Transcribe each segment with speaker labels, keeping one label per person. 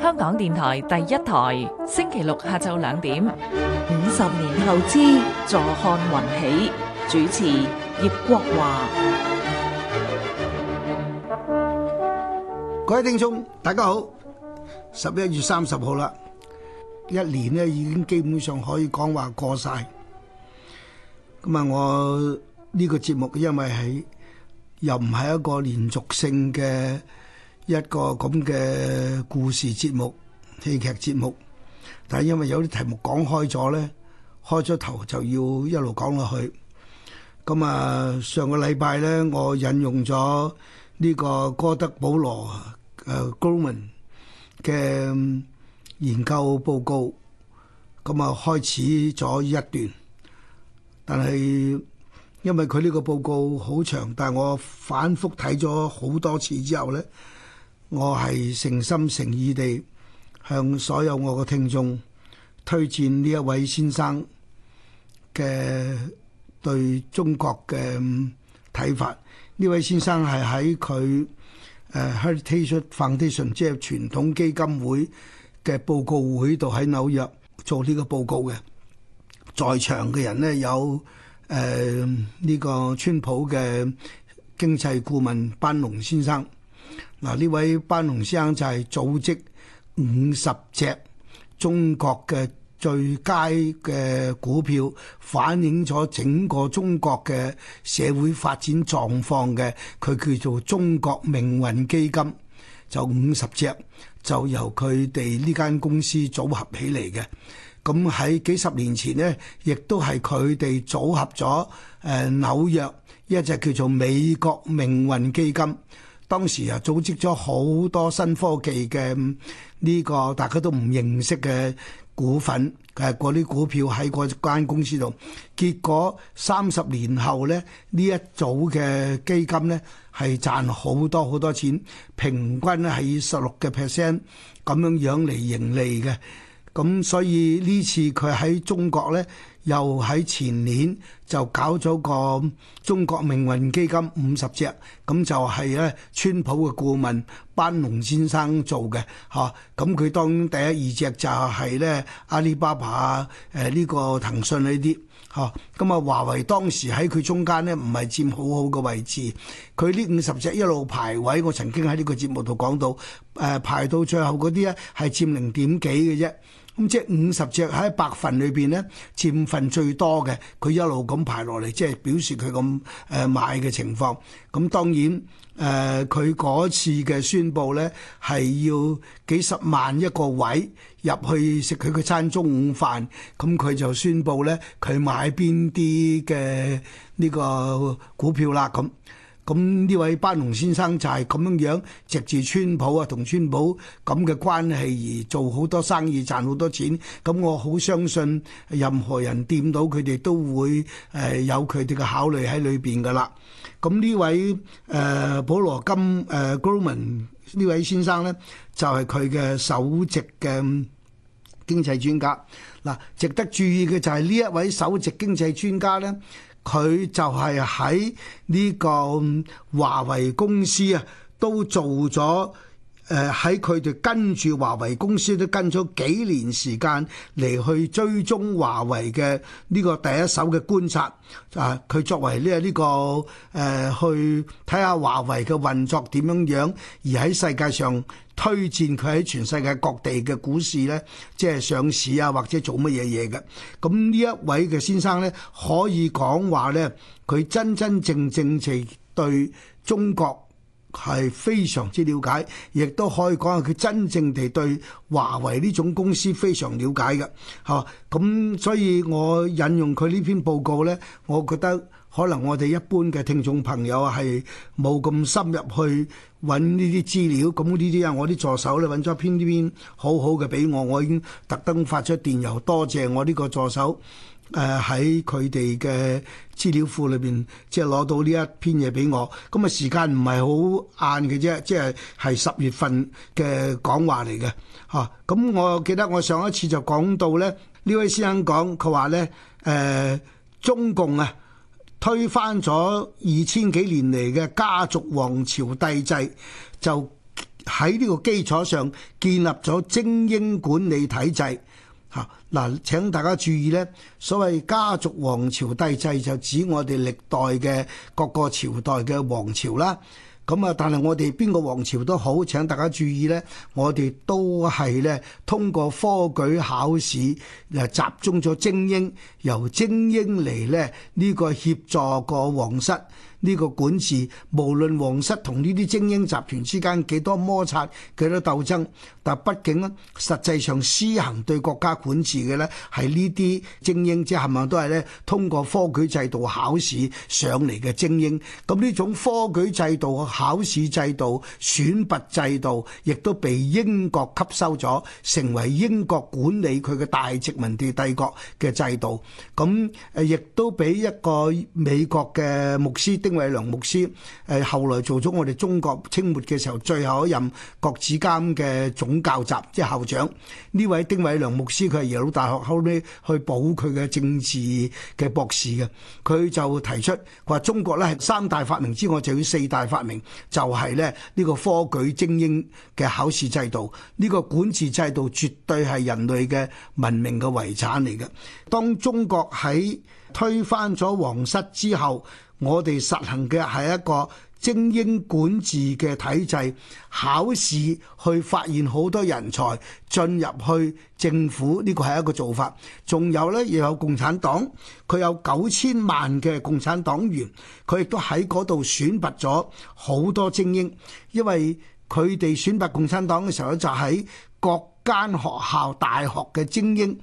Speaker 1: 香港電台第一台，星期六下晝兩點。五十年後之，坐看雲起。主持葉國華。各位聽眾，大家好。十一月三十號啦，一年咧已經基本上可以講話過晒。咁啊，我呢個節目因為喺。又唔係一個連續性嘅一個咁嘅故事節目，戲劇節目，但係因為有啲題目講開咗咧，開咗頭就要一路講落去。咁、嗯、啊，上個禮拜咧，我引用咗呢個哥德保羅誒、呃、Grumman、um、嘅研究報告，咁、嗯、啊開始咗一段，但係。因為佢呢個報告好長，但係我反覆睇咗好多次之後咧，我係誠心誠意地向所有我嘅聽眾推薦呢一位先生嘅對中國嘅睇法。呢 位先生係喺佢誒 Heritage Foundation，即係傳統基金會嘅報告會度喺紐約做呢個報告嘅，在場嘅人咧有。誒呢、呃這個川普嘅經濟顧問班龍先生，嗱、呃、呢位班龍先生就係組織五十隻中國嘅最佳嘅股票，反映咗整個中國嘅社會發展狀況嘅，佢叫做中國命運基金，就五十隻就由佢哋呢間公司組合起嚟嘅。咁喺幾十年前呢，亦都係佢哋組合咗誒紐約一隻叫做美國命運基金，當時啊組織咗好多新科技嘅呢個大家都唔認識嘅股份嘅嗰啲股票喺嗰間公司度。結果三十年後呢，呢一組嘅基金呢係賺好多好多錢，平均係十六嘅 percent 咁樣樣嚟盈利嘅。咁所以呢次佢喺中國呢，又喺前年就搞咗個中國命運基金五十隻，咁就係咧川普嘅顧問班農先生做嘅，嚇、啊。咁佢當第一二隻就係呢阿里巴巴啊，誒、呃、呢、呢個騰訊呢啲，嚇。咁啊，華為當時喺佢中間呢，唔係佔好好嘅位置。佢呢五十隻一路排位，我曾經喺呢個節目度講到，誒、啊、排到最後嗰啲咧係佔零點幾嘅啫。咁即係五十隻喺百份裏邊咧，佔份最多嘅，佢一路咁排落嚟，即係表示佢咁誒買嘅情況。咁當然誒，佢、呃、嗰次嘅宣佈咧，係要幾十萬一個位入去食佢嘅餐中午飯。咁佢就宣佈咧，佢買邊啲嘅呢個股票啦咁。咁呢位班農先生就係咁樣樣，藉住川普啊同川普咁嘅關係而做好多生意賺好多錢。咁我好相信任何人掂到佢哋都會誒有佢哋嘅考慮喺裏邊噶啦。咁呢位誒保羅金誒 Gorman 呢位先生咧，就係佢嘅首席嘅經濟專家。嗱，值得注意嘅就係呢一位首席經濟專家咧。佢就係喺呢個華為公司啊，都做咗。誒喺佢哋跟住華為公司都跟咗幾年時間嚟去追蹤華為嘅呢個第一手嘅觀察，啊，佢作為呢、呢個誒、呃、去睇下華為嘅運作點樣樣，而喺世界上推薦佢喺全世界各地嘅股市呢，即係上市啊，或者做乜嘢嘢嘅。咁呢一位嘅先生呢，可以講話呢，佢真真正正地對中國。係非常之了解，亦都可以講下佢真正地對華為呢種公司非常了解嘅，吓咁所以我引用佢呢篇報告呢，我覺得。可能我哋一般嘅聽眾朋友係冇咁深入去揾呢啲資料，咁呢啲啊，我啲助手咧揾咗一篇呢篇好好嘅俾我，我已經特登發出電郵多謝我呢個助手。誒喺佢哋嘅資料庫裏邊，即係攞到呢一篇嘢俾我。咁啊，時間唔係好晏嘅啫，即係係十月份嘅講話嚟嘅嚇。咁啊，我記得我上一次就講到咧，呢位先生講佢話咧，誒呃，中共啊。推翻咗二千幾年嚟嘅家族王朝帝制，就喺呢個基礎上建立咗精英管理體制。嚇、啊、嗱，請大家注意，呢所謂家族王朝帝制就指我哋歷代嘅各個朝代嘅王朝啦。咁啊！但係我哋邊個王朝都好，請大家注意呢。我哋都係咧通過科舉考試，誒集中咗精英，由精英嚟咧呢個協助過皇室。呢個管治，無論皇室同呢啲精英集團之間幾多摩擦、幾多鬥爭，但畢竟咧，實際上施行對國家管治嘅咧，係呢啲精英，即係咪都係咧通過科舉制度考試上嚟嘅精英？咁呢種科舉制度、考試制度、選拔制度，亦都被英國吸收咗，成為英國管理佢嘅大殖民地帝國嘅制度。咁誒亦都俾一個美國嘅牧師丁。丁偉良牧師，誒，後來做咗我哋中國清末嘅時候最後一任國子監嘅總教習，即係校長。呢位丁偉良牧師，佢係耶魯大學後尾去補佢嘅政治嘅博士嘅，佢就提出佢話中國咧係三大發明之外就要四大發明，就係咧呢個科舉精英嘅考試制度，呢個管治制度絕對係人類嘅文明嘅遺產嚟嘅。當中國喺推翻咗皇室之後。我哋實行嘅係一個精英管治嘅體制，考試去發現好多人才進入去政府，呢個係一個做法。仲有呢，又有共產黨，佢有九千萬嘅共產黨員，佢亦都喺嗰度選拔咗好多精英，因為佢哋選拔共產黨嘅時候就喺各間學校、大學嘅精英。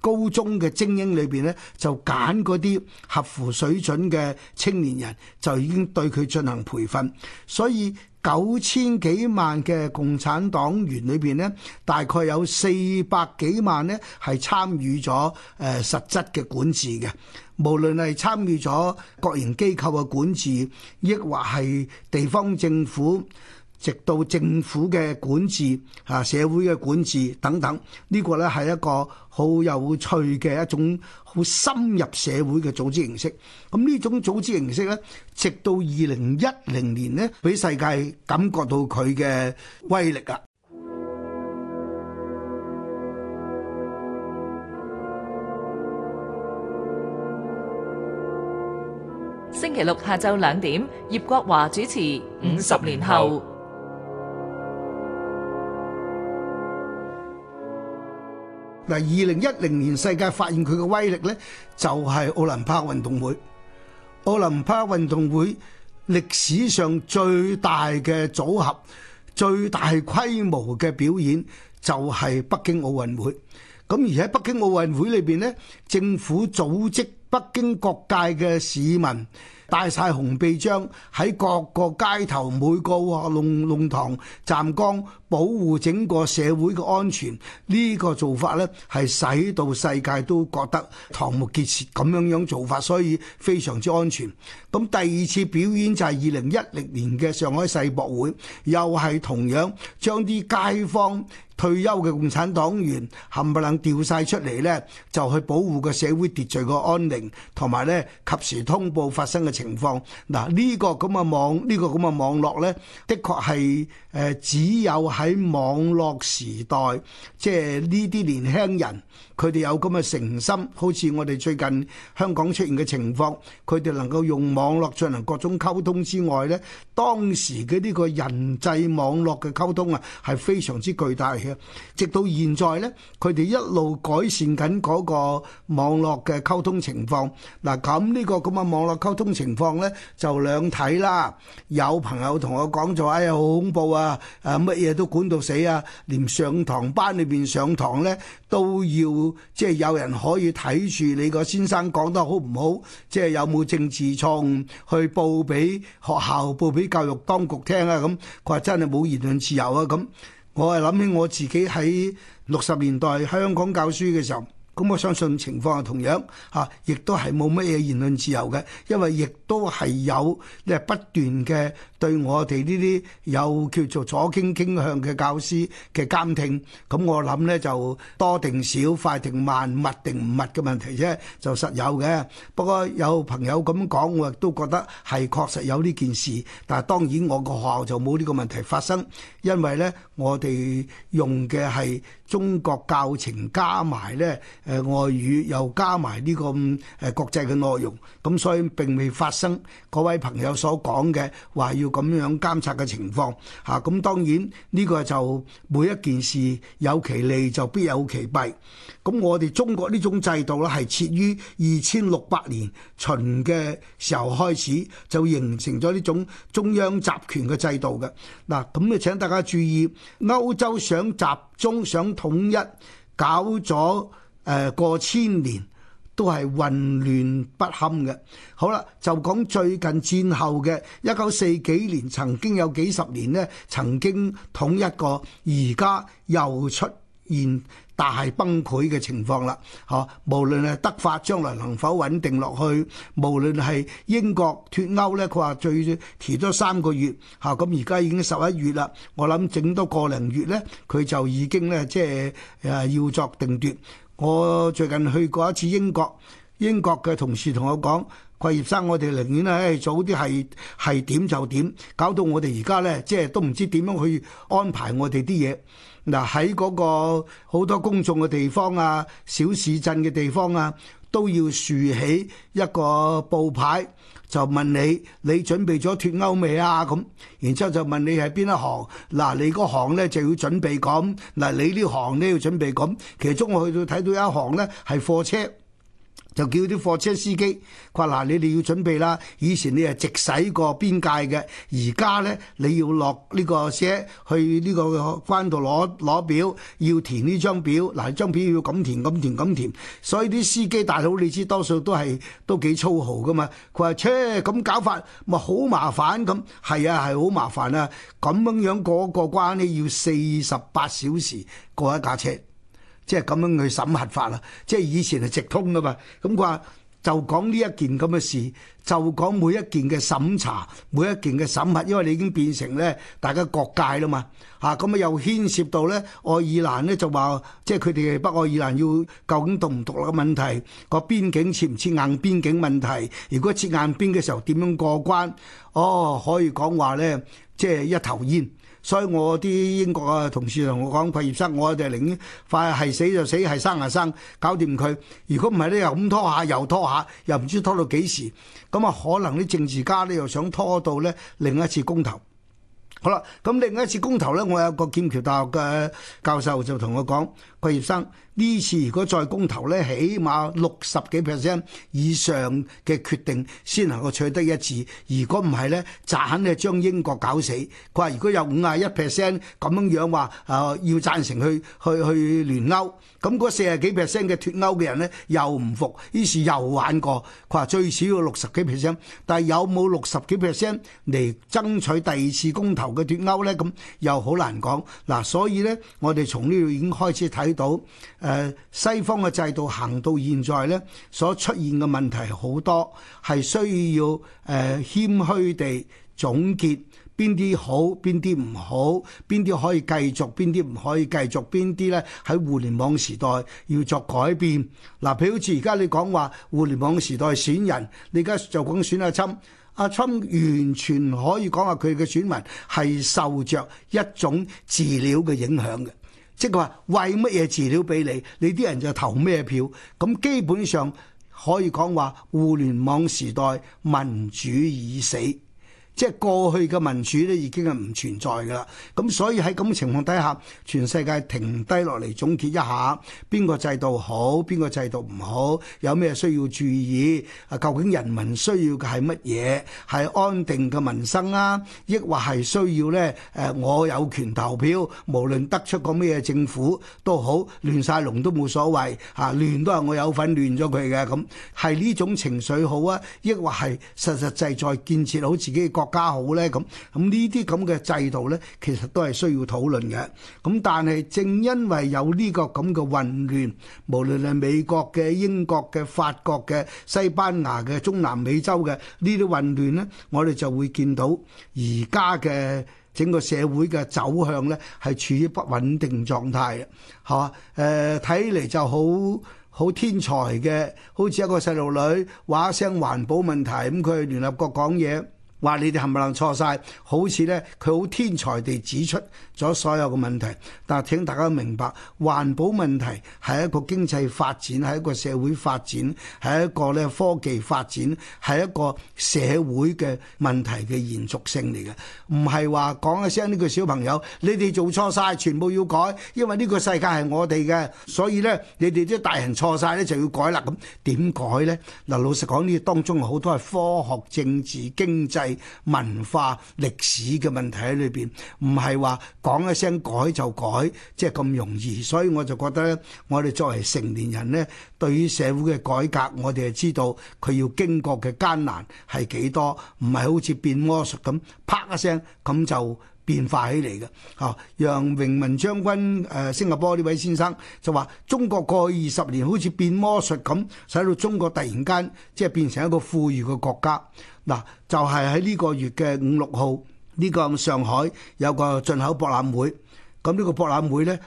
Speaker 1: 高中嘅精英裏邊呢，就揀嗰啲合乎水準嘅青年人，就已經對佢進行培訓。所以九千幾萬嘅共產黨員裏邊呢，大概有四百幾萬呢，係參與咗誒實質嘅管治嘅，無論係參與咗國營機構嘅管治，抑或係地方政府。直到政府嘅管治，啊社會嘅管治等等，呢、這個咧係一個好有趣嘅一種好深入社會嘅組織形式。咁呢種組織形式咧，直到二零一零年咧，俾世界感覺到佢嘅威力啊！星期六下晝兩點，葉國華主持《五十年後》。嗱，二零一零年世界發現佢嘅威力呢，就係、是、奧林匹克運動會。奧林匹克運動會歷史上最大嘅組合、最大規模嘅表演，就係北京奧運會。咁而喺北京奧運會裏邊呢，政府組織北京各界嘅市民。戴曬紅臂章喺各個街頭每個哇弄弄堂站崗，保護整個社會嘅安全。呢個做法咧係使到世界都覺得瞠目結舌咁樣樣，做法，所以非常之安全。咁第二次表演就係二零一零年嘅上海世博會，又係同樣將啲街坊退休嘅共產黨員冚唪唥調曬出嚟咧，就去保護個社會秩序個安寧，同埋咧及時通報發生嘅情況嗱，呢、這個咁嘅網，呢、這個咁嘅網絡咧，的確係誒，只有喺網絡時代，即係呢啲年輕人。佢哋有咁嘅誠心，好似我哋最近香港出現嘅情況，佢哋能夠用網絡進行各種溝通之外咧，當時嘅呢個人際網絡嘅溝通啊，係非常之巨大嘅。直到現在咧，佢哋一路改善緊嗰個網絡嘅溝通情況。嗱，咁呢個咁嘅網絡溝通情況咧，就兩睇啦。有朋友同我講咗，哎呀，好恐怖啊！啊，乜嘢都管到死啊！連上堂班裏邊上堂咧。都要即係有人可以睇住你個先生講得好唔好，即係有冇政治錯誤去報俾學校、報俾教育當局聽啊！咁佢話真係冇言論自由啊！咁我係諗起我自己喺六十年代香港教書嘅時候。咁我相信情況係同樣㗎，亦都係冇乜嘢言論自由嘅，因為亦都係有呢不斷嘅對我哋呢啲有叫做左傾傾向嘅教師嘅監聽。咁我諗呢就多定少、快定慢、密定唔密嘅問題啫，就實有嘅。不過有朋友咁講，我亦都覺得係確實有呢件事。但係當然我個學校就冇呢個問題發生，因為呢我哋用嘅係，中國教程加埋咧，誒、呃、外語又加埋呢、這個誒、呃、國際嘅內容，咁所以並未發生各位朋友所講嘅話要咁樣監察嘅情況嚇。咁、啊、當然呢、這個就每一件事有其利就必有其弊。咁我哋中國呢種制度咧，係設於二千六百年秦嘅時候開始，就形成咗呢種中央集權嘅制度嘅。嗱，咁就請大家注意，歐洲想集中想統一搞咗誒、呃、過千年都係混亂不堪嘅。好啦，就講最近戰後嘅一九四幾年，曾經有幾十年呢，曾經統一過，而家又出現。大係崩潰嘅情況啦，嚇！無論係德法將來能否穩定落去，無論係英國脱歐呢，佢話最遲多三個月，嚇！咁而家已經十一月啦，我諗整多個零月呢，佢就已經呢，即係誒要作定奪。我最近去過一次英國，英國嘅同事同我講。桂葉生，我哋寧願咧、哎，早啲係係點就點，搞到我哋而家呢，即係都唔知點樣去安排我哋啲嘢。嗱，喺嗰個好多公眾嘅地方啊，小市鎮嘅地方啊，都要豎起一個布牌，就問你你準備咗脱歐未啊？咁，然之後就問你係邊一行。嗱、啊，你嗰行呢就要準備咁。嗱、啊，你呢行呢要準備咁。其中我去到睇到有一行呢係貨車。就叫啲貨車司機，佢話：嗱、啊、你哋要準備啦。以前你係直駛過邊界嘅，而家呢，你要落呢個車去呢個關度攞攞表，要填呢張表。嗱、啊，張表要咁填咁填咁填，填。所以啲司機大佬，你知多數都係都幾粗豪噶嘛。佢話：車、欸，咁搞法咪好麻煩？咁係啊，係好麻煩啊。咁樣樣過一過關呢，要四十八小時過一架車。即係咁樣去審核法啦，即係以前係直通噶嘛。咁佢話就講呢一件咁嘅事，就講每一件嘅審查，每一件嘅審核，因為你已經變成咧大家各界啦嘛。嚇、啊，咁啊，啊又牽涉到咧愛爾蘭咧就話，即係佢哋北愛爾蘭要究竟獨唔獨立問題，個邊境設唔設硬邊境問題？如果設硬邊嘅時候點樣過關？哦，可以講話咧，即係一頭煙。所以我啲英國啊同事同我講畢業生，我哋係寧願快係死就死，係生就生，搞掂佢。如果唔係咧，又咁拖下，又拖下，又唔知拖到幾時。咁啊，可能啲政治家呢，又想拖到呢另一次公投。好啦，咁另一次公投呢，我有個劍橋大學嘅教授就同我講。畢業生呢次如果再公投咧，起碼六十幾 percent 以上嘅決定先能夠取得一致。如果唔係咧，就肯定係將英國搞死。佢話如果有五啊一 percent 咁樣樣話啊要贊成去去去聯歐，咁嗰四啊幾 percent 嘅脫歐嘅人咧又唔服，於是又玩過，佢話最少要六十幾 percent，但係有冇六十幾 percent 嚟爭取第二次公投嘅脫歐咧？咁又好難講嗱、啊，所以咧，我哋從呢度已經開始睇。睇到誒西方嘅制度行到現在呢，所出現嘅問題好多，係需要誒、呃、謙虛地總結邊啲好，邊啲唔好，邊啲可以繼續，邊啲唔可以繼續，邊啲呢喺互聯網時代要作改變。嗱、啊，譬如好似而家你講話互聯網時代選人，你而家就講選阿、啊、侵，阿、啊、侵完全可以講話佢嘅選民係受着一種資料嘅影響嘅。即係話，為乜嘢資料俾你？你啲人就投咩票？咁基本上可以講話，互聯網時代，民主已死。即係過去嘅民主咧已經係唔存在㗎啦，咁所以喺咁情況底下，全世界停低落嚟總結一下，邊個制度好，邊個制度唔好，有咩需要注意？啊，究竟人民需要嘅係乜嘢？係安定嘅民生啊，抑或係需要咧？誒，啊，我有權投票，無論得出個咩政府都好，亂晒龍都冇所謂啊，亂都係我有份亂咗佢嘅咁，係呢種情緒好啊，抑或係實實際在建設好自己嘅國？加好咧，咁咁呢啲咁嘅制度咧，其實都係需要討論嘅。咁但係正因為有呢個咁嘅混亂，無論係美國嘅、英國嘅、法國嘅、西班牙嘅、中南美洲嘅呢啲混亂咧，我哋就會見到而家嘅整個社會嘅走向咧係處於不穩定狀態嘅，嚇誒睇嚟就好好天才嘅，好似一個細路女話一聲環保問題咁，佢、嗯、去聯合國講嘢。話你哋冚唪唥錯晒，好似咧佢好天才地指出咗所有嘅問題，但係請大家明白，環保問題係一個經濟發展，係一個社會發展，係一個咧科技發展，係一個社會嘅問題嘅延續性嚟嘅，唔係話講一聲呢個小朋友，你哋做錯晒全部要改，因為呢個世界係我哋嘅，所以咧你哋啲大人錯晒咧就要改啦。咁點改咧？嗱，老實講呢，當中好多係科學、政治、經濟。文化歷史嘅問題喺裏邊，唔係話講一聲改就改，即係咁容易，所以我就覺得呢，我哋作為成年人呢，對於社會嘅改革，我哋係知道佢要經過嘅艱難係幾多，唔係好似變魔術咁，啪一聲咁就變化起嚟嘅。啊，楊榮文將軍誒、呃，新加坡呢位先生就話，中國過去二十年好似變魔術咁，使到中國突然間即係變成一個富裕嘅國家。嗱，就係喺呢個月嘅五六號，呢個上海有個進口博覽會。咁呢個博覽會呢，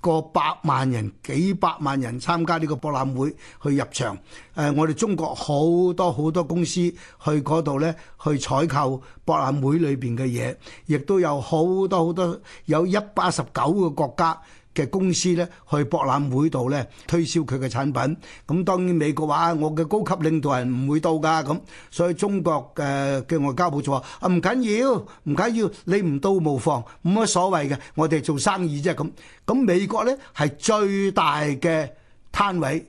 Speaker 1: 過百萬人、幾百萬人參加呢個博覽會去入場。誒、呃，我哋中國好多好多公司去嗰度呢，去採購博覽會裏邊嘅嘢，亦都有好多好多，有一百八十九個國家，嘅公司咧，去博覽會度咧，推銷佢嘅產品，咁當然美國話我嘅高級領導人唔會到噶咁，所以中國嘅嘅外交部就話啊，唔緊要，唔緊要，你唔到無妨，冇乜所謂嘅，我哋做生意啫咁。咁美國咧係最大嘅攤位，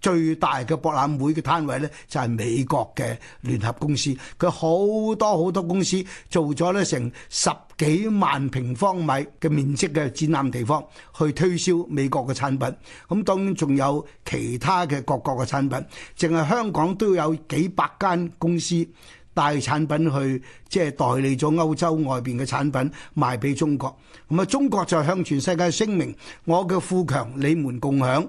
Speaker 1: 最大嘅博覽會嘅攤位咧就係美國嘅聯合公司，佢好多好多公司做咗咧成十。幾萬平方米嘅面積嘅展覽地方，去推銷美國嘅產品。咁當然仲有其他嘅各國嘅產品，淨係香港都有幾百間公司帶產品去，即係代理咗歐洲外邊嘅產品賣畀中國。咁啊，中國就向全世界聲明：我嘅富強，你們共享。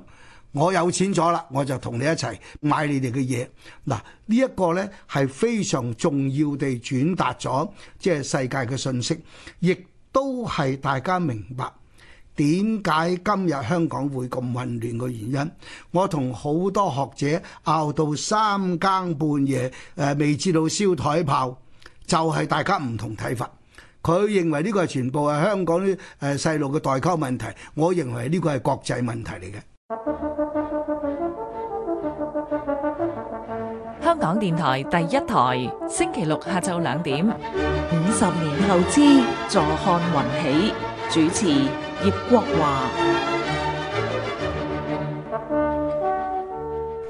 Speaker 1: 我有錢咗啦，我就同你一齊買你哋嘅嘢。嗱，呢一個呢係非常重要地轉達咗即係世界嘅信息，亦都係大家明白點解今日香港會咁混亂嘅原因。我同好多學者拗到三更半夜，誒未知道燒台炮，就係大家唔同睇法。佢認為呢個係全部係香港啲誒細路嘅代溝問題，我認為呢個係國際問題嚟嘅。港電台第一台，星期六下晝兩點。五十年後之，坐看雲起。主持葉國華。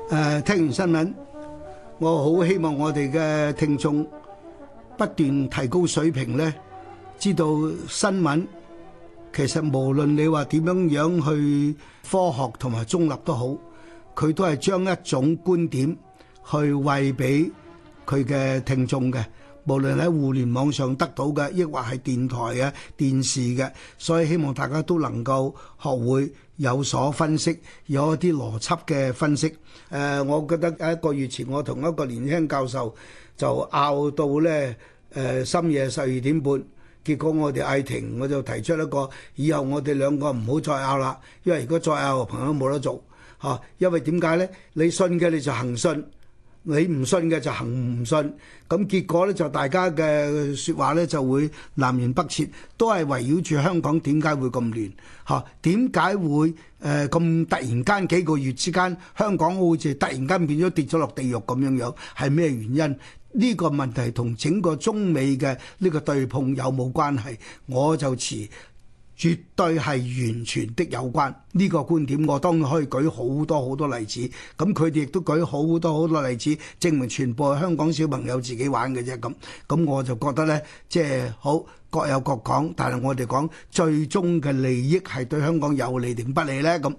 Speaker 1: 誒，聽完新聞，我好希望我哋嘅聽眾不斷提高水平咧。知道新聞其實無論你話點樣樣去科學同埋中立都好，佢都係將一種觀點去餵俾佢嘅聽眾嘅，無論喺互聯網上得到嘅，抑或係電台嘅、電視嘅，所以希望大家都能夠學會有所分析，有一啲邏輯嘅分析。誒，我覺得喺一個月前，我同一個年輕教授就拗到呢，誒，深夜十二點半，結果我哋嗌停，我就提出一個，以後我哋兩個唔好再拗啦，因為如果再拗，朋友冇得做吓。因為點解呢？你信嘅你就行信，你唔信嘅就行唔信，咁結果呢，就大家嘅説話呢就會南轅北轍，都係圍繞住香港點解會咁亂嚇？啊，點解會誒咁，呃，突然間幾個月之間，香港好似突然間變咗跌咗落地獄咁樣樣，係咩原因？呢個問題同整個中美嘅呢個對碰有冇關係？我就遲。絕對係完全的有關呢個觀點，我當然可以舉好多好多例子。咁佢哋亦都舉好多好多例子，證明全部係香港小朋友自己玩嘅啫。咁，咁我就覺得呢，即係好各有各講，但係我哋講最終嘅利益係對香港有利定不利呢？咁。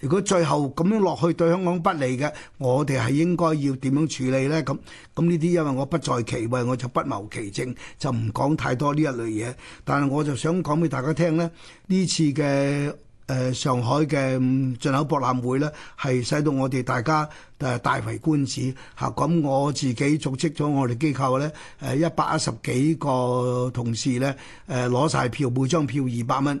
Speaker 1: 如果最後咁樣落去對香港不利嘅，我哋係應該要點樣處理呢？咁咁呢啲因為我不在其位，我就不謀其政，就唔講太多呢一類嘢。但係我就想講俾大家聽咧，呢次嘅誒、呃、上海嘅進口博覽會呢，係使到我哋大家誒大為觀止嚇。咁、啊、我自己組織咗我哋機構呢誒一百一十幾個同事呢，誒攞晒票，每張票二百蚊。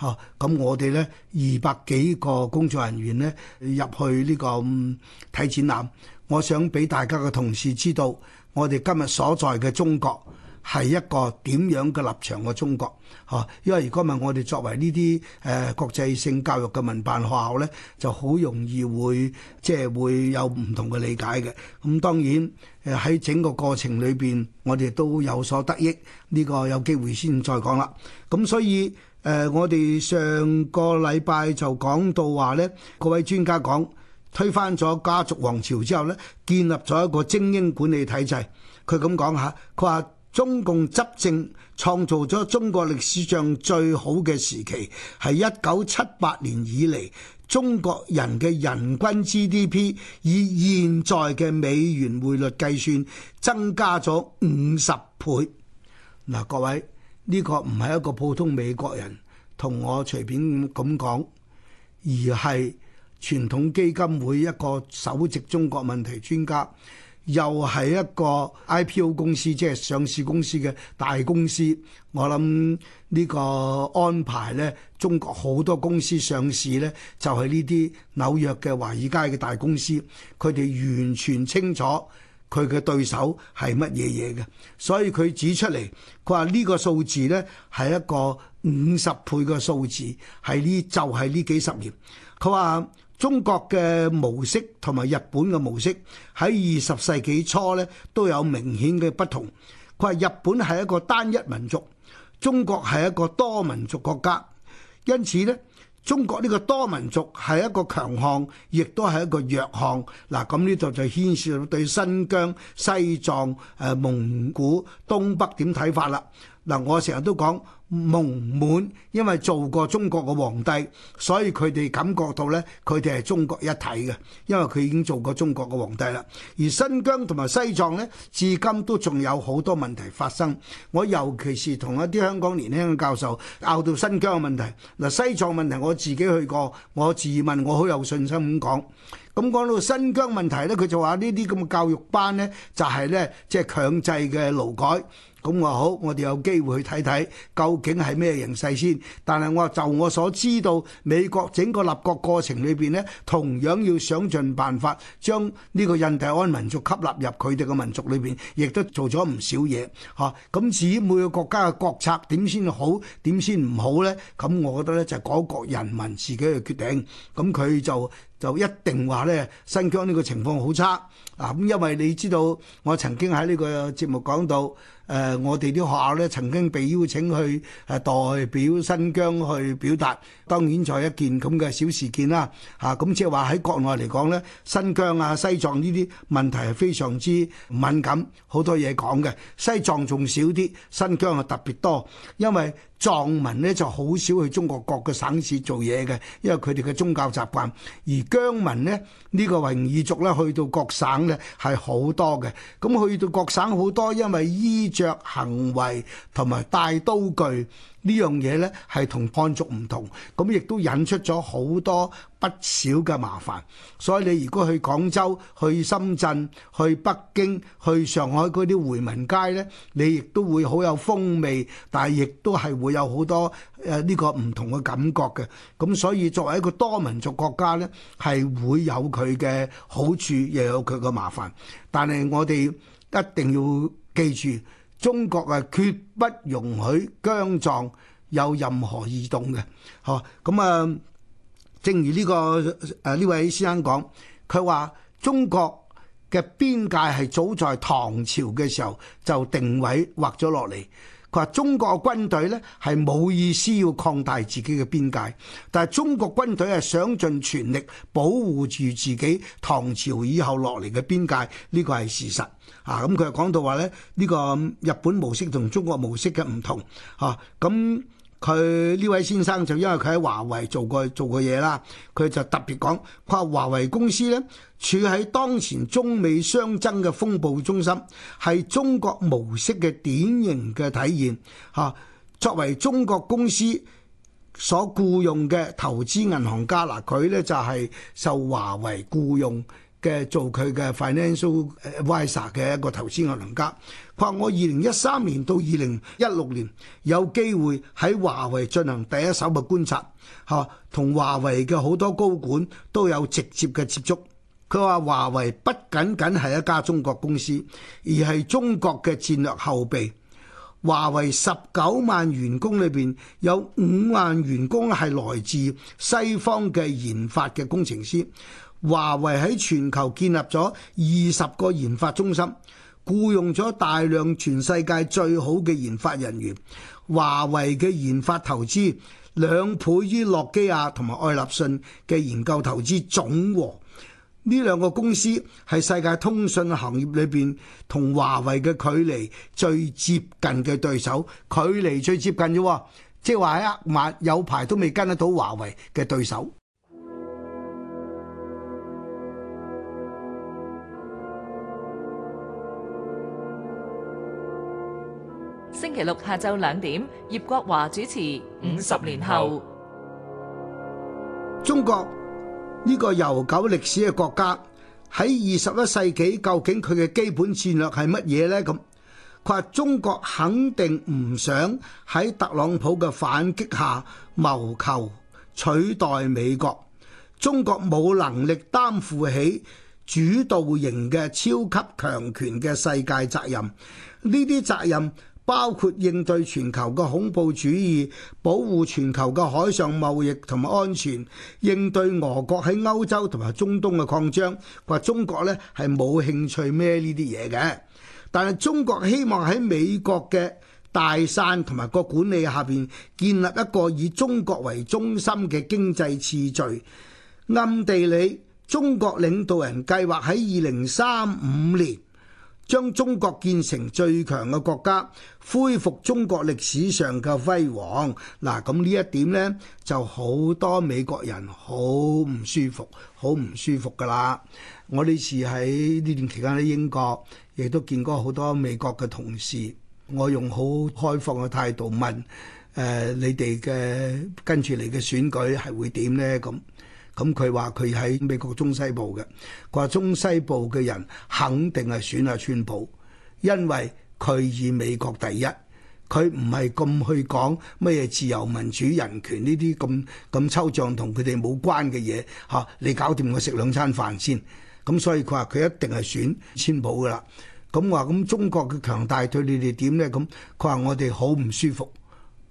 Speaker 1: 嚇！咁、嗯、我哋呢二百幾個工作人員呢入去呢、這個睇、嗯、展覽，我想俾大家嘅同事知道，我哋今日所在嘅中國係一個點樣嘅立場嘅中國。嚇、嗯！因為如果問我哋作為呢啲誒國際性教育嘅民辦學校呢，就好容易會即係、就是、會有唔同嘅理解嘅。咁、嗯、當然誒喺、呃、整個過程裏邊，我哋都有所得益。呢、這個有機會先再講啦。咁、嗯、所以。誒、呃，我哋上個禮拜就講到話呢，各位專家講推翻咗家族王朝之後呢，建立咗一個精英管理體制。佢咁講下，佢話中共執政創造咗中國歷史上最好嘅時期，係一九七八年以嚟中國人嘅人均 GDP 以現在嘅美元匯率計算增加咗五十倍。嗱、呃，各位。呢個唔係一個普通美國人同我隨便咁講，而係傳統基金會一個首席中國問題專家，又係一個 IPO 公司，即係上市公司嘅大公司。我諗呢個安排呢，中國好多公司上市呢，就係呢啲紐約嘅華爾街嘅大公司，佢哋完全清楚。佢嘅對手係乜嘢嘢嘅，所以佢指出嚟，佢話呢個數字呢係一個五十倍嘅數字，係呢就係呢幾十年。佢話中國嘅模式同埋日本嘅模式喺二十世紀初呢都有明顯嘅不同。佢話日本係一個單一民族，中國係一個多民族國家，因此呢。中國呢個多民族係一個強項，亦都係一個弱項。嗱、啊，咁呢度就牽涉到對新疆、西藏、誒、呃、蒙古、東北點睇法啦。嗱，我成日都講蒙滿，因為做過中國嘅皇帝，所以佢哋感覺到呢，佢哋係中國一體嘅，因為佢已經做過中國嘅皇帝啦。而新疆同埋西藏呢，至今都仲有好多問題發生。我尤其是同一啲香港年輕嘅教授拗到新疆嘅問題，嗱，西藏問題我自己去過，我自問我好有信心咁講。咁講到新疆問題呢，佢就話呢啲咁嘅教育班呢，就係呢，即係強制嘅勞改。咁我好，我哋有機會去睇睇究竟係咩形勢先。但係我話，就我所知道，美國整個立國過程裏邊呢，同樣要想盡辦法將呢個印第安民族吸納入佢哋嘅民族裏邊，亦都做咗唔少嘢。嚇、啊，咁至於每個國家嘅國策點先好，點先唔好呢？咁我覺得呢，就係各國人民自己嘅決定。咁佢就。就一定話咧，新疆呢個情況好差啊！咁因為你知道，我曾經喺呢個節目講到，誒我哋啲學校咧曾經被邀請去誒代表新疆去表達，當然在一件咁嘅小事件啦。嚇咁即係話喺國內嚟講呢，新疆啊、西藏呢啲問題係非常之敏感，好多嘢講嘅。西藏仲少啲，新疆啊特別多，因為。藏民呢就好少去中國各個省市做嘢嘅，因為佢哋嘅宗教習慣；而羌民呢，呢、這個維吾爾族呢，去到各省呢係好多嘅，咁去到各省好多，因為衣着行為同埋帶刀具。呢樣嘢呢係同漢族唔同，咁亦都引出咗好多不少嘅麻煩。所以你如果去廣州、去深圳、去北京、去上海嗰啲回民街呢，你亦都會好有風味，但係亦都係會有好多誒呢個唔同嘅感覺嘅。咁所以作為一個多民族國家呢，係會有佢嘅好處，又有佢嘅麻煩。但係我哋一定要記住。中國啊，絕不容許疆藏有任何異動嘅，嚇咁啊！正如呢個誒呢位先生講，佢話中國嘅邊界係早在唐朝嘅時候就定位畫咗落嚟。話中國軍隊呢係冇意思要擴大自己嘅邊界，但係中國軍隊係想盡全力保護住自己唐朝以後落嚟嘅邊界，呢、呢個係事實。啊，咁佢又講到話咧，說說呢、呢個日本模式同中國模式嘅唔同，嚇、啊、咁。嗯佢呢位先生就因為佢喺華為做過做過嘢啦，佢就特別講，佢話華為公司咧處喺當前中美相爭嘅風暴中心，係中國模式嘅典型嘅體現吓、啊，作為中國公司所僱傭嘅投資銀行家嗱，佢咧就係、是、受華為僱傭。嘅做佢嘅 financial advisor 嘅一個投資銀行家，佢話我二零一三年到二零一六年有機會喺華為進行第一手嘅觀察，嚇，同華為嘅好多高管都有直接嘅接觸。佢話華為不僅僅係一家中國公司，而係中國嘅戰略後備。華為十九萬員工裏邊有五萬員工係來自西方嘅研發嘅工程師。華為喺全球建立咗二十個研發中心，僱傭咗大量全世界最好嘅研發人員。華為嘅研發投資兩倍於諾基亞同埋愛立信嘅研究投資總和。呢兩個公司係世界通訊行業裏邊同華為嘅距離最接近嘅對手，距離最接近啫喎，即係話呀，有排都未跟得到華為嘅對手。星期六下晝兩點，葉國華主持。五十年後，年後中國呢個悠久歷史嘅國家喺二十一世紀究竟佢嘅基本戰略係乜嘢呢？咁佢話中國肯定唔想喺特朗普嘅反擊下謀求取代美國。中國冇能力擔負起主導型嘅超級強權嘅世界責任，呢啲責任。包括應對全球嘅恐怖主義，保護全球嘅海上貿易同埋安全，應對俄國喺歐洲同埋中東嘅擴張。話中國呢係冇興趣孭呢啲嘢嘅，但係中國希望喺美國嘅大傘同埋個管理下邊建立一個以中國為中心嘅經濟次序。暗地裡，中國領導人計劃喺二零三五年。將中國建成最強嘅國家，恢復中國歷史上嘅輝煌。嗱，咁呢一點呢，就好多美國人好唔舒服，好唔舒服噶啦。我呢次喺呢段期間喺英國，亦都見過好多美國嘅同事。我用好開放嘅態度問：「誒、呃，你哋嘅跟住嚟嘅選舉係會點呢？」咁。咁佢話佢喺美國中西部嘅，佢話中西部嘅人肯定係選阿川普，因為佢以美國第一，佢唔係咁去講乜嘢自由、民主、人權呢啲咁咁抽象同佢哋冇關嘅嘢吓，你搞掂我食兩餐飯先，咁所以佢話佢一定係選川普噶啦。咁我話咁中國嘅強大對你哋點咧？咁佢話我哋好唔舒服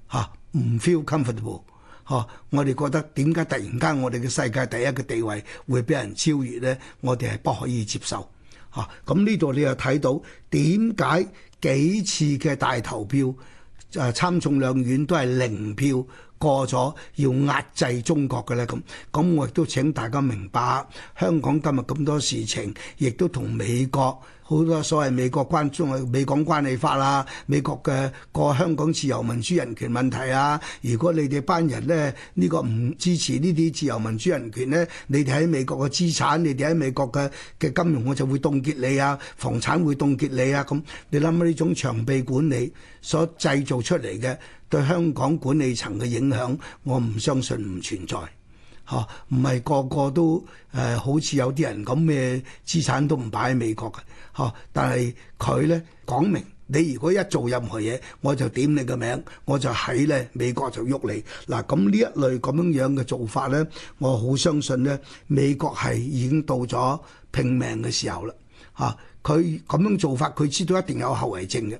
Speaker 1: 吓，唔 feel comfortable。嚇！我哋覺得點解突然間我哋嘅世界第一嘅地位會俾人超越呢？我哋係不可以接受嚇。咁呢度你又睇到點解幾次嘅大投票誒參眾兩院都係零票過咗，要壓制中國嘅咧？咁咁我亦都請大家明白，香港今日咁多事情，亦都同美國。好多所謂美國關中啊，美港關係法啊，美國嘅個香港自由民主人權問題啊，如果你哋班人咧呢個唔支持呢啲自由民主人權咧，你哋喺美國嘅資產，你哋喺美國嘅嘅金融，我就會凍結你啊，房產會凍結你啊，咁你諗下呢種長臂管理所製造出嚟嘅對香港管理層嘅影響，我唔相信唔存在。嚇，唔係、哦、個個都誒、呃，好似有啲人咁咩資產都唔擺喺美國嘅嚇、哦。但係佢咧講明，你如果一做任何嘢，我就點你個名，我就喺咧美國就喐你嗱。咁、啊、呢一類咁樣樣嘅做法咧，我好相信咧，美國係已經到咗拼命嘅時候啦嚇。佢、啊、咁樣做法，佢知道一定有後遺症嘅。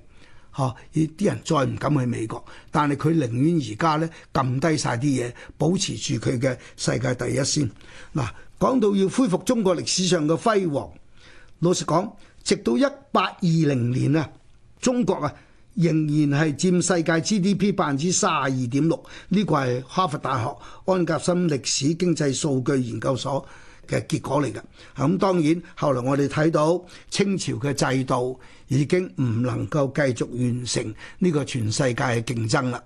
Speaker 1: 嚇！啲、啊、人再唔敢去美國，但係佢寧願而家咧撳低晒啲嘢，保持住佢嘅世界第一先。嗱、啊，講到要恢復中國歷史上嘅輝煌，老實講，直到一八二零年啊，中國啊仍然係佔世界 GDP 百分之三十二點六，呢個係哈佛大學安格森歷史經濟數據研究所嘅結果嚟㗎，咁當然後來我哋睇到清朝嘅制度已經唔能夠繼續完成呢個全世界嘅競爭啦。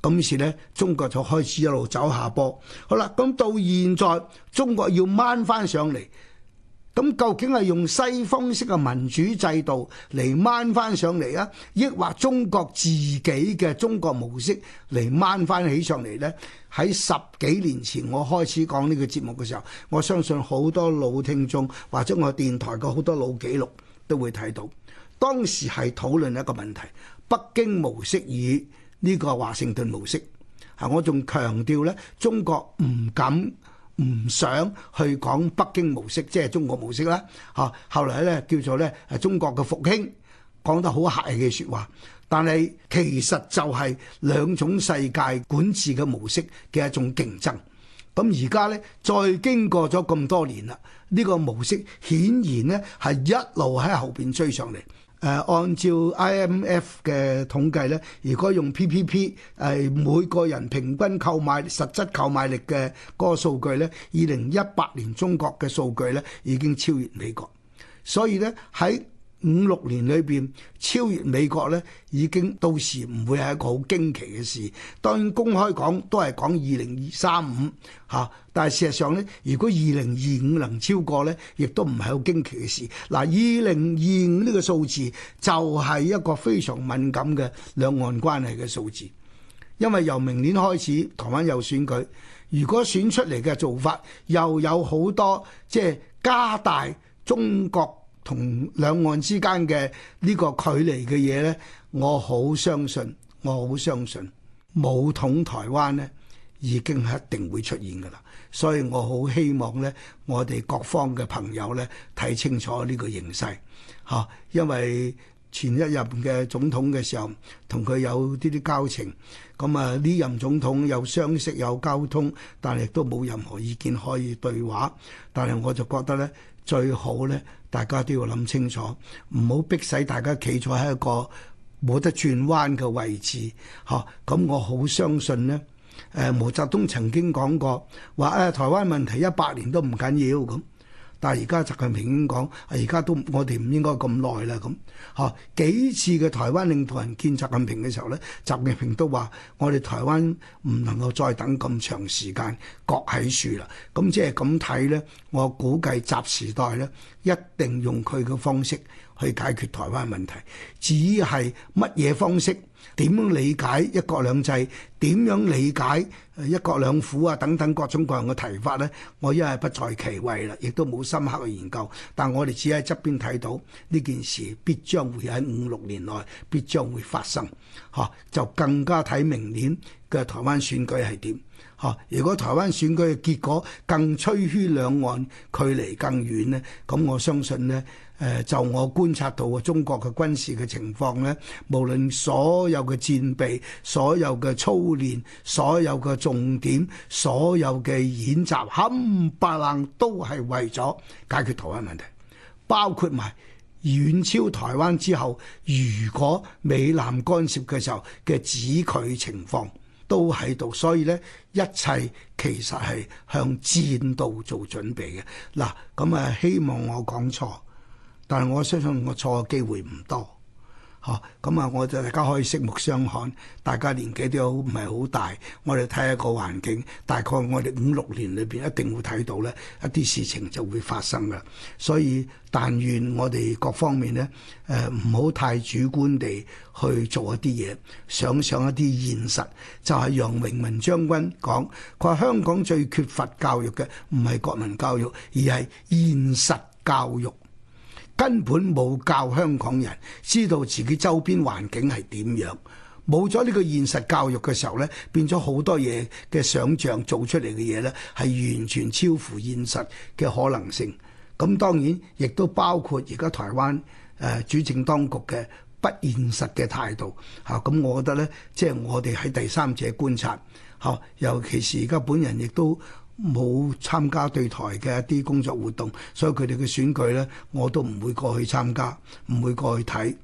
Speaker 1: 咁於是呢，中國就開始一路走下坡。好啦，咁、嗯、到現在中國要掹翻上嚟。咁究竟係用西方式嘅民主制度嚟掹翻上嚟啊，抑或中國自己嘅中國模式嚟掹翻起上嚟咧？喺十幾年前我開始講呢個節目嘅時候，我相信好多老聽眾或者我電台嘅好多老記錄都會睇到，當時係討論一個問題：北京模式與呢個華盛頓模式。啊，我仲強調呢中國唔敢。唔想去講北京模式，即係中國模式啦。嚇、啊，後嚟咧叫做咧，中國嘅復興，講得好客氣嘅説話，但係其實就係兩種世界管治嘅模式嘅一種競爭。咁而家咧，再經過咗咁多年啦，呢個模式顯然咧係一路喺後邊追上嚟。誒、呃、按照 IMF 嘅統計呢，如果用 PPP 係、呃、每個人平均購買實質購買力嘅個數據呢，二零一八年中國嘅數據呢已經超越美國，所以呢，喺五六年裏邊超越美國呢，已經到時唔會係一個好驚奇嘅事。當然公開講都係講二零二三五嚇，但係事實上呢，如果二零二五能超過呢，亦都唔係好驚奇嘅事。嗱、啊，二零二五呢個數字就係一個非常敏感嘅兩岸關係嘅數字，因為由明年開始台灣有選舉，如果選出嚟嘅做法又有好多即係、就是、加大中國。同兩岸之間嘅呢個距離嘅嘢呢，我好相信，我好相信，武統台灣呢已經係一定會出現噶啦。所以我好希望呢，我哋各方嘅朋友呢睇清楚呢個形勢嚇。啊，因為前一任嘅總統嘅時候同佢有啲啲交情，咁啊呢任總統有相識有交通，但係亦都冇任何意見可以對話，但係我就覺得呢。最好咧，大家都要諗清楚，唔好逼使大家企坐喺一個冇得轉彎嘅位置，嚇。咁我好相信呢，誒，毛澤東曾經講過，話誒、啊，台灣問題一百年都唔緊要咁。但係而家習近平已經講，而家都我哋唔應該咁耐啦，咁，嚇，幾次嘅台灣領導人見習近平嘅時候咧，習近平都話：我哋台灣唔能夠再等咁長時間，國喺樹啦。咁即係咁睇咧，我估計習時代咧一定用佢嘅方式。去解決台灣問題，至於係乜嘢方式，點樣理解一國兩制，點樣理解一國兩府啊等等各種各樣嘅提法呢？我一係不在其位啦，亦都冇深刻嘅研究，但我哋只喺側邊睇到呢件事必將會喺五六年內必將會發生，嚇就更加睇明年嘅台灣選舉係點，嚇如果台灣選舉嘅結果更趨於兩岸距離更遠呢，咁我相信呢。誒就我觀察到嘅中國嘅軍事嘅情況呢，無論所有嘅戰備、所有嘅操練、所有嘅重點、所有嘅演習，冚唪唥都係為咗解決台灣問題。包括埋遠超台灣之後，如果美艦干涉嘅時候嘅指佢情況都喺度，所以呢，一切其實係向戰道做準備嘅嗱。咁啊，希望我講錯。但係，我相信我錯嘅機會唔多嚇。咁啊，我哋大家可以拭目相看。大家年紀都好唔係好大，我哋睇下個環境。大概我哋五六年裏邊一定會睇到咧，一啲事情就會發生㗎。所以但願我哋各方面呢，誒唔好太主觀地去做一啲嘢，想想一啲現實就係、是、楊榮文將軍講佢話：香港最缺乏教育嘅唔係國民教育，而係現實教育。根本冇教香港人知道自己周邊環境係點樣，冇咗呢個現實教育嘅時候咧，變咗好多嘢嘅想象，做出嚟嘅嘢咧，係完全超乎現實嘅可能性。咁當然亦都包括而家台灣誒主政當局嘅不現實嘅態度吓，咁我覺得咧，即係我哋喺第三者觀察吓，尤其是而家本人亦都。冇參加對台嘅一啲工作活動，所以佢哋嘅選舉咧，我都唔會過去參加，唔會過去睇，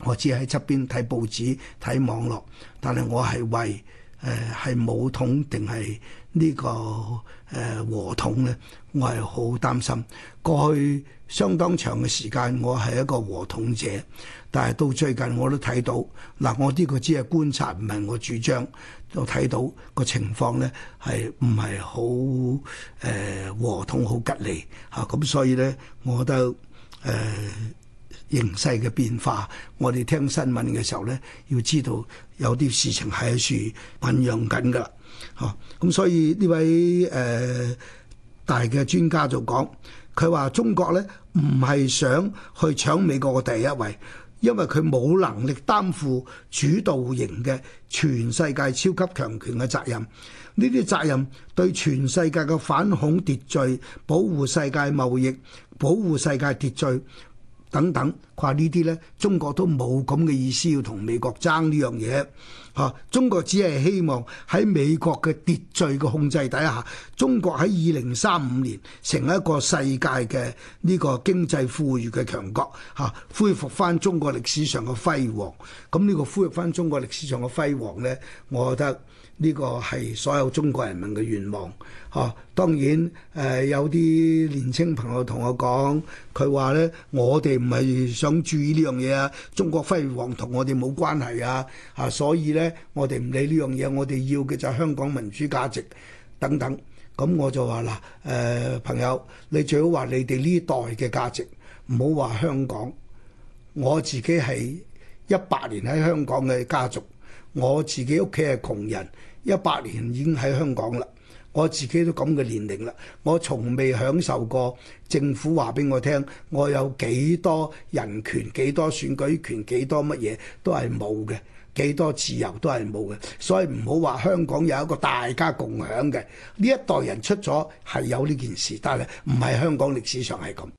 Speaker 1: 我只係喺側邊睇報紙、睇網絡。但係我係為誒係武統定係呢個誒、呃、和統咧，我係好擔心。過去相當長嘅時間，我係一個和統者。但係到最近我都睇到，嗱我呢個只係觀察，唔係我主張。我睇到個情況咧係唔係好誒和統、好吉利嚇，咁、啊、所以咧，我覺得誒形勢嘅變化，我哋聽新聞嘅時候咧，要知道有啲事情係喺度醖釀緊㗎啦嚇。咁、啊嗯、所以呢位誒、呃、大嘅專家就講，佢話中國咧唔係想去搶美國嘅第一位。因為佢冇能力擔負主導型嘅全世界超級強權嘅責任，呢啲責任對全世界嘅反恐秩序、保護世界貿易、保護世界秩序等等，佢話呢啲呢，中國都冇咁嘅意思，要同美國爭呢樣嘢。啊、中國只係希望喺美國嘅秩序嘅控制底下，中國喺二零三五年成一個世界嘅呢個經濟富裕嘅強國，嚇、啊、恢復返中國歷史上嘅輝煌。咁呢個恢復返中國歷史上嘅輝煌呢，我覺得。呢個係所有中國人民嘅願望，嚇、啊！當然誒、呃、有啲年青朋友同我講，佢話呢：「我哋唔係想注意呢樣嘢啊，中國輝煌同我哋冇關係啊，嚇、啊！所以呢，我哋唔理呢樣嘢，我哋要嘅就係香港民主價值等等。咁、嗯、我就話嗱，誒、呃、朋友，你最好話你哋呢代嘅價值，唔好話香港。我自己係一百年喺香港嘅家族，我自己屋企係窮人。一百年已經喺香港啦，我自己都咁嘅年齡啦，我從未享受過政府話俾我聽，我有幾多人權、幾多選舉權、幾多乜嘢都係冇嘅，幾多自由都係冇嘅，所以唔好話香港有一個大家共享嘅，呢一代人出咗係有呢件事，但係唔係香港歷史上係咁。